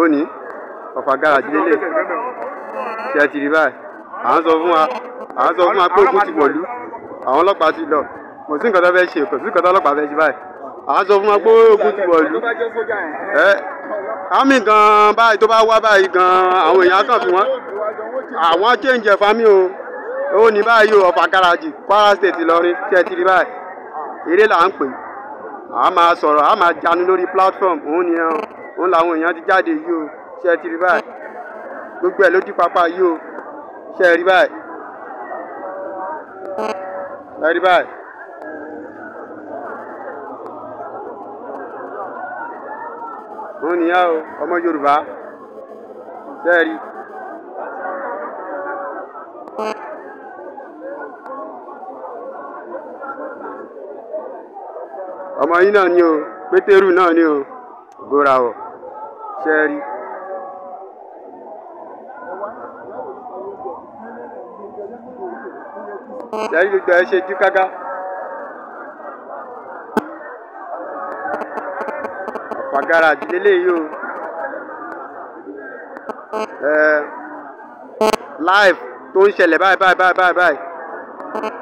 ó ní ọ̀fà gáràjì lélẹ̀ ṣe ẹ ti rí báyìí à ń sọ fún wa à ń sọ fún wa pé ogun ti wọ̀lú àwọn ọlọ́pàá ti lọ kò sí nǹkan tó fẹ́ ṣe kò sí nǹkan tó ọlọ́pàá fẹ́ ṣe báyìí à ń sọ fún wa pé ogun ti wọ̀lú ẹ àmì gan báyìí tó bá wá báyìí gan àwọn èèyàn kàn fi wọn àwọn change fami o ó ní báyìí o ọ̀fà gáràjì Kwara State Ìlọrin ṣe ẹ ti rí báyìí eré là ń pè é a máa sọ̀rọ̀ a máa jánu lórí platform òun ni òun làwọn èèyàn ti jáde yìí o ṣe é ti rí báyìí gbogbo ẹ̀ ló di pápá yìí o ṣe é rí báyìí ṣe rí báyìí. òun nìyá o ọmọ Yorùbá ṣe é rí. ọmọ yín náà ni o pétérù náà ni o ògóra o ṣe rí. ṣe rí gbogbo ẹ ṣe dúkágá. ọ̀pàgàrà àdìlélẹ̀ yìí o. live tó ń ṣẹlẹ̀ báyìí báyìí báyìí báyìí.